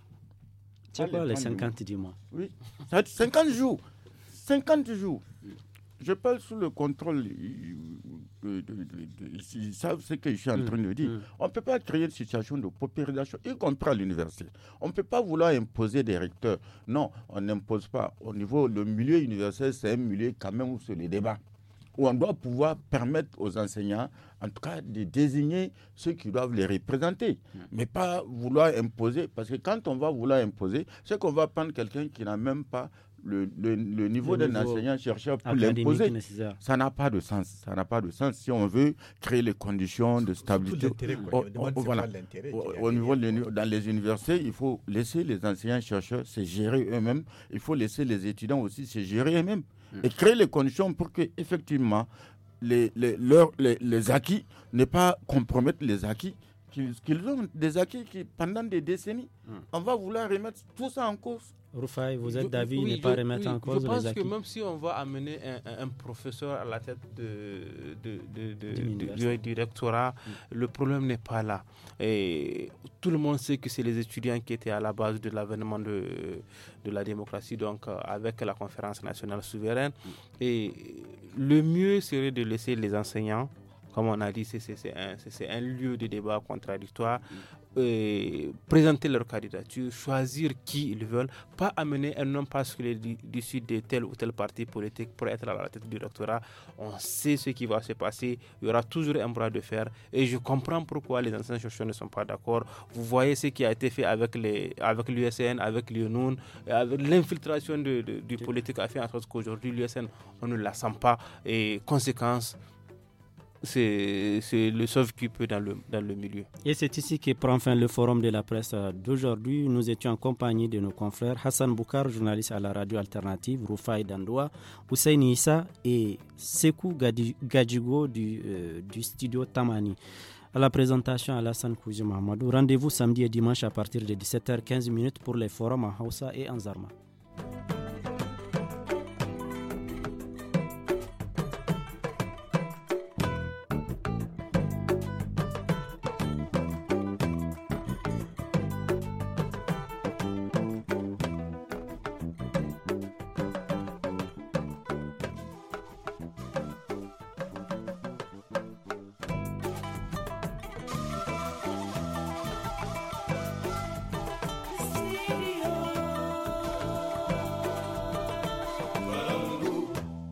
E: as peur les 50 du mois, Oui, 50 jours. 50 jours. Je parle sous le contrôle. Euh, ils savent ce que je suis en hum, train de dire. Hum. On ne peut pas créer une situation de paupérisation, y compris à l'université. On ne peut pas vouloir imposer des recteurs. Non, on n'impose pas. Au niveau, le milieu universitaire, c'est un milieu quand même où c'est les débats où on doit pouvoir permettre aux enseignants, en tout cas, de désigner ceux qui doivent les représenter, mm. mais pas vouloir imposer, parce que quand on va vouloir imposer, c'est qu'on va prendre quelqu'un qui n'a même pas le, niveau d'un enseignant chercheur pour l'imposer. Ça n'a pas de sens. Ça n'a pas de sens si on veut créer les conditions de stabilité. Au, niveau dans les universités, il faut laisser les enseignants chercheurs se gérer eux-mêmes. Il faut laisser les étudiants aussi se gérer eux-mêmes et créer les conditions pour que effectivement les, les, acquis ne pas compromettre les acquis qu'ils ont, des acquis qui pendant des décennies, hmm. on va vouloir remettre tout ça en cause Rufai, vous êtes d'avis, oui, ne pas
A: remettre en
D: cause les acquis Je pense que même si on va amener un, professeur à la tête de, de, de, du, du, rectorat, le problème n'est pas là. Et tout le monde sait que c'est les étudiants qui étaient à la base de l'avènement de, de la démocratie, donc euh, avec la conférence nationale souveraine. Mm. Et le mieux serait de laisser les enseignants comme on a dit, c'est un, lieu de débat contradictoire. Euh, présenter leur candidature, choisir qui ils veulent, pas amener un homme parce qu'il est sud de tel ou tel parti politique pour être à la tête du doctorat. On sait ce qui va se passer, il y aura toujours un bras de fer et je comprends pourquoi les anciens chercheurs ne sont pas d'accord. Vous voyez ce qui a été fait avec l'USN, avec l'UNUN, avec l'infiltration du politique a fait en sorte qu'aujourd'hui l'USN, on ne la sent pas et conséquence, c'est le sauve qui peut dans le, dans le milieu.
A: Et c'est ici que prend fin le forum de la presse euh, d'aujourd'hui. Nous étions en compagnie de nos confrères Hassan Boukar, journaliste à la radio alternative, Roufaï Dandoua, Hussein Issa et Sekou Gadjigo du, euh, du studio Tamani. À la présentation à Alassane Kouzi Mahamadou. Rendez-vous samedi et dimanche à partir de 17h15 pour les forums en Hausa et en Zarma.